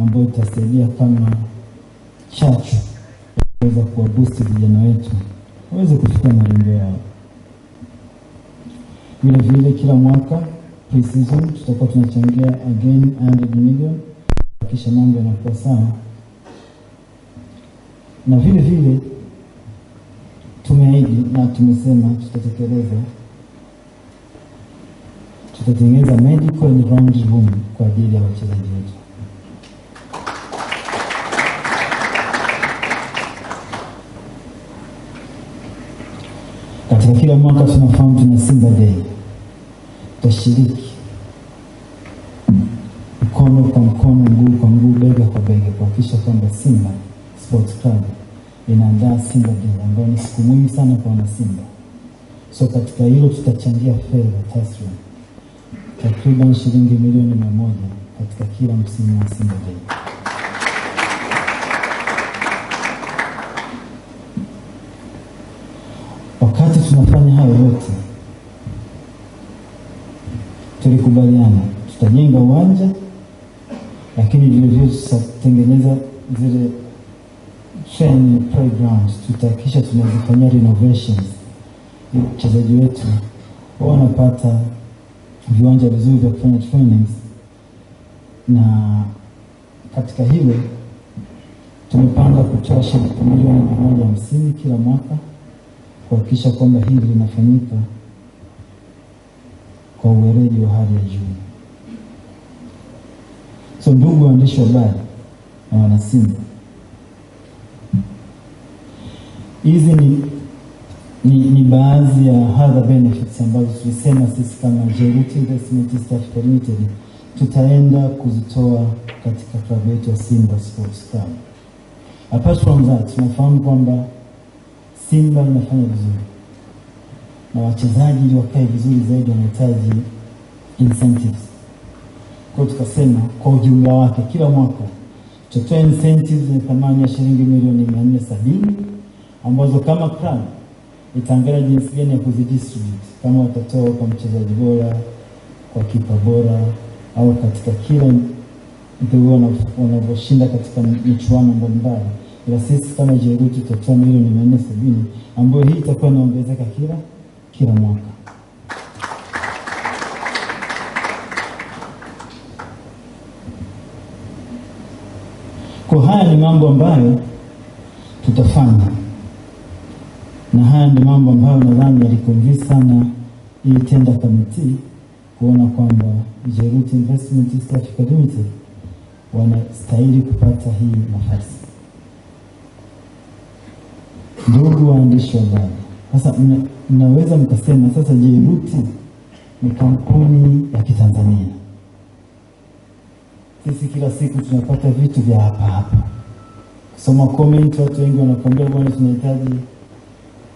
ambayo itasaidia kama chachu kuweza kuwabusti vijana wetu waweze kufikia malengo yao. Vile vile kila mwaka pre-season tutakuwa tunachangia again 100 million kuhakikisha mambo yanakuwa sawa, na vile vile tumeahidi na tumesema tutatekeleza, tutatengeneza medical and round room kwa ajili ya wachezaji wetu. Katika kila mwaka tunafahamu tuna Simba Day, tutashiriki mkono kwa mkono, mguu kwa mguu, bega kwa bega kuhakikisha kwamba Simba Sports Club inaandaa Simba Day ambayo ni siku muhimu sana kwa wana simba So katika hilo tutachangia fedha taslimu takriban shilingi milioni mia moja katika kila msimu wa Simba Day. Tumefanya hayo yote, tulikubaliana tutajenga uwanja, lakini vilevile tutatengeneza zile training programs, tutahakikisha tunazifanyia renovations wachezaji wetu wanapata viwanja vizuri vya kufanya trainings, na katika hilo tumepanga kutoa shilingi milioni mia moja hamsini kila mwaka kuhakikisha kwamba hili linafanyika kwa uweredi wa hali ya juu. So ndugu waandishi wa habari na wanasimba, hizi ni, ni, ni baadhi ya other benefits ambazo tulisema sisi kama Jeruti Investment East Limited tutaenda kuzitoa katika klabu yetu ya Simba Sports Club. Apart from that, tunafahamu kwamba Simba mmefanya vizuri na wachezaji ili wakae vizuri zaidi wanahitaji incentives. Kwa tukasema kwa ujumla wake kila mwaka tutatoa incentives zenye thamani ya shilingi milioni 470 ambazo kama club itaangalia jinsi gani ya kuzidistribute, kama watatoa kwa mchezaji bora, kwa kipa bora, au katika kila ndio wanavyoshinda katika michuano mbalimbali ila sisi kama JLU tutatoa milioni mia nne sabini ambayo hii itakuwa inaongezeka kila kila mwaka. Kwa haya ni mambo ambayo tutafanya, na haya ni mambo ambayo nadhani yalikonvince sana hii tenda kamiti kuona kwamba jeruti Investment East Africa Limited wanastahili kupata hii nafasi ndugu waandishi wa habari, sasa mnaweza mkasema sasa, je, Ruti ni kampuni ya Kitanzania? Sisi kila siku tunapata vitu vya hapa hapa, kusoma comment, watu wengi wanakuambia bwana, tunahitaji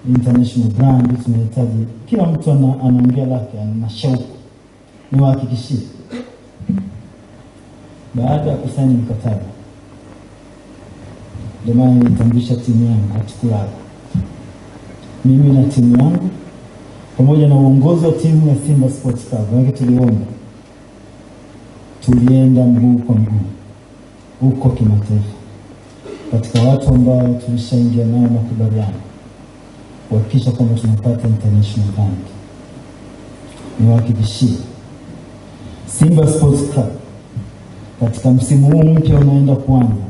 international brand, tunahitaji kila mtu anaongea lake, ana shauku. Niwahakikishie, baada ya kusaini mkataba, ndio maana nilitambulisha timu yangu, hatukulala mimi na timu yangu pamoja na uongozi wa timu ya Simba Sports Club, maanake tuliona tulienda mguu kwa mguu huko kimataifa, katika watu ambao tulishaingia nao makubaliano kuhakikisha kwamba tunapata international brand. Niwahakikishie Simba Sports Club katika msimu huu mpya unaenda kuanza,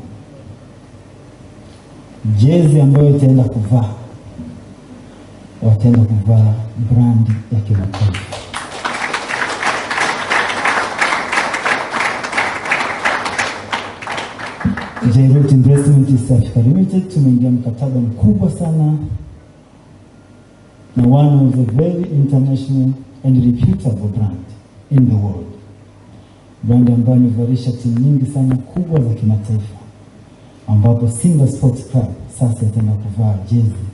jezi ambayo itaenda kuvaa wataenda kuvaa brandi ya kimataifa. Jairut Investment East Africa Limited tumeingia mkataba mkubwa sana na one of the very international and reputable brand in the world, brand ambayo imevalisha timu nyingi sana kubwa za kimataifa, ambapo Simba Sports Club sasa itaenda kuvaa jezi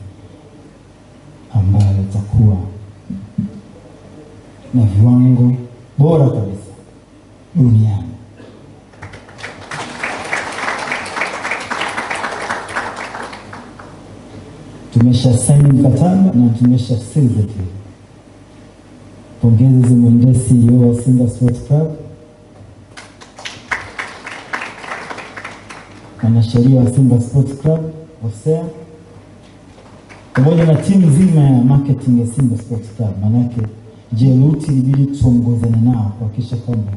ambayo itakuwa na viwango bora kabisa duniani. Tumesha saini mkataba na tumesha sizeki. Pongezi zimwendee CEO wa Simba sport Club, mwanasheria wa Simba sport Club ofsea pamoja na timu nzima ya marketing ya Simba Sports Club. Maanake jeruti ilibidi tuongozane nao kuhakikisha kwamba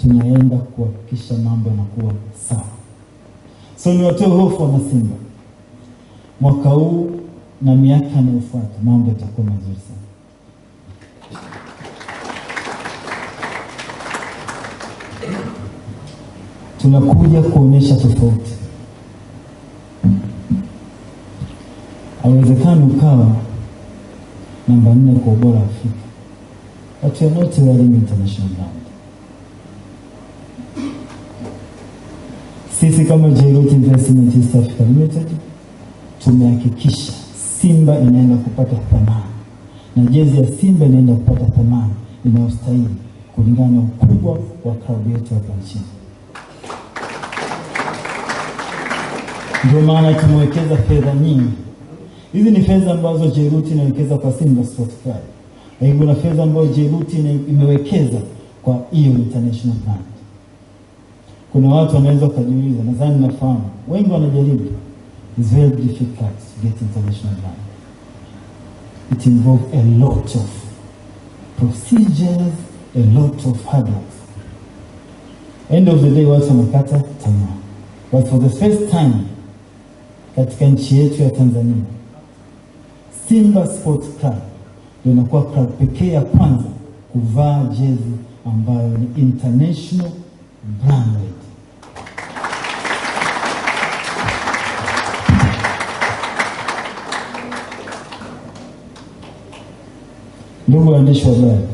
tunaenda kuhakikisha mambo yanakuwa sawa. So ni watoe hofu wana Simba, mwaka huu na miaka inayofuata mambo yatakuwa mazuri sana. Tunakuja kuonesha tofauti. haiwezekani ukawa namba nne kwa ubora Afrika, watu you wa not international Sisi kama Jayrot Investment East Africa Limited tumehakikisha Simba inaenda kupata thamani na jezi ya Simba inaenda kupata thamani inayostahili kulingana na ukubwa wa klabu yetu hapa nchini. Ndio maana tumewekeza fedha nyingi Hizi ni fedha ambazo jeruti inawekeza kwa Simba Sports Club, lakini kuna fedha ambayo jeruti imewekeza kwa hiyo international brand. Kuna watu wanaweza wakajiuliza, nadhani nafahamu, wengi wanajaribu. It's very difficult to get international brand. It involves a lot of procedures, a lot of hurdles. End of the day, watu wamekata tamaa, but for the first time katika nchi yetu ya Tanzania Simba Sports Club ndio inakuwa club pekee ya kwanza kuvaa jezi ambayo ni international branded. Ndugu waandishi wa habari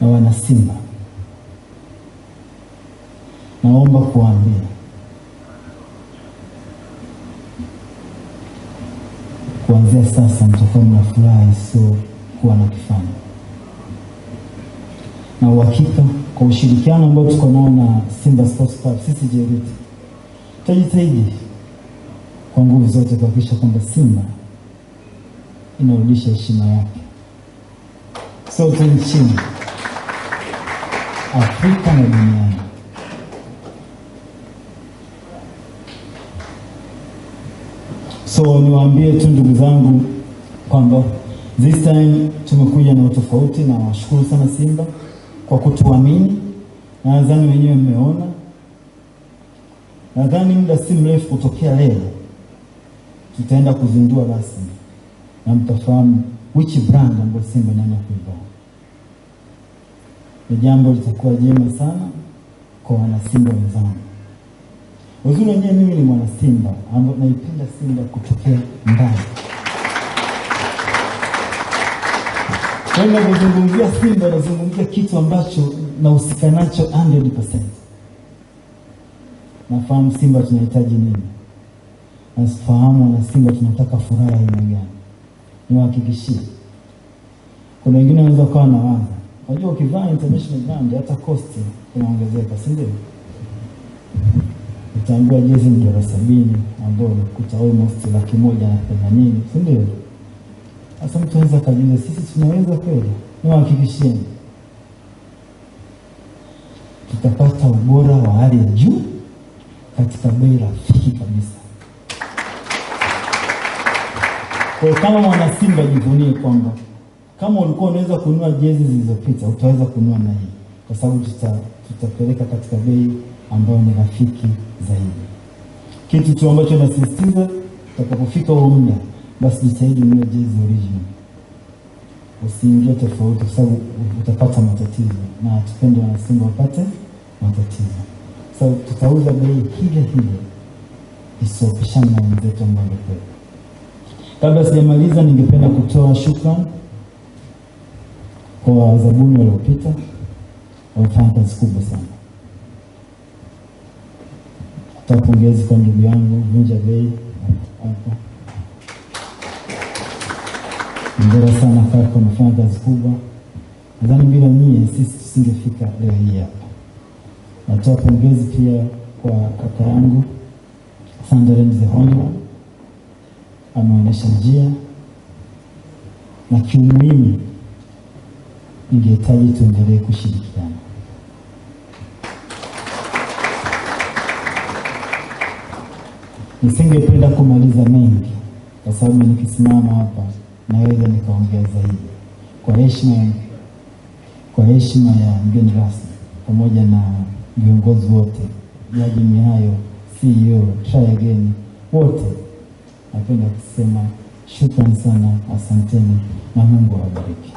na wana Simba, naomba kuwaambia kuanzia sasa mtakuwa mna furaha isiokuwa na kifani na uhakika. Kwa ushirikiano ambao tuko nao na Simba Sports Club, sisi JKT tutajitahidi kwa nguvu zote kuhakikisha kwamba Simba inarudisha heshima yake sote nchini Afrika na duniani. So niwaambie tu ndugu zangu kwamba this time tumekuja na utofauti, na washukuru sana Simba kwa kutuamini, na nadhani wenyewe mmeona, nadhani muda si mrefu kutokea leo tutaenda kuzindua rasmi na mtafahamu which brand ambayo Simba inaenda kuivaa. Ni jambo litakuwa jema sana kwa wanasimba wenzangu wazuri wenyewe mimi ni mwana Simba ambao naipenda Simba kutokea mbali Kwa nazungumzia Simba, nazungumzia kitu ambacho nahusika nacho 100%. Nafahamu Simba tunahitaji nini, nafahamu na Simba tunataka furaha ya aina gani. Niwahakikishie, kuna wengine wanaweza ukawa na wanga unajua ukivaa international brand hata cost inaongezeka, si ndio? utaambiwa jezi ndio la sabini ambayo unakuta almost laki moja na themanini sindio Sasa mtu anaweza akajiuliza sisi tunaweza kweli? Niwahakikishieni tutapata ubora wa hali ya juu katika bei rafiki kabisa. Kwa kama mwana Simba, jivunie kwamba kama ulikuwa unaweza kununua jezi zilizopita, utaweza kununua na hii, kwa sababu tuta tutapeleka katika bei ambayo ni rafiki zaidi. Kitu tu ambacho nasisitiza, utakapofika huo muda, basi jitahidi unue jezi original, usiingie tofauti, kwa sababu utapata matatizo, na tupende wanasimba wapate matatizo. So tutauza bei hile hile, isiopishana na wenzetu ambao kwetu. Kabla sijamaliza, ningependa kutoa shukrani kwa wazabuni waliopita, wamefanya kazi kubwa sana Toa pongezi kwa ndugu yangu Vunja Bei hapa. sana kaka umefanya kazi kubwa. Nadhani bila nyie sisi tusingefika leo hii hapa. Natoa pongezi pia kwa kaka yangu Sandra Mzehonga, ameonyesha njia na kiumuhimu ningehitaji tuendelee kushirikiana. Nisingependa kumaliza mengi, kwa sababu nikisimama hapa naweza nikaongea zaidi. Kwa heshima kwa heshima ya mgeni rasmi pamoja na viongozi wote, Jaji hayo CEO Try Again, wote napenda kusema shukrani sana, asanteni na Mungu awabariki.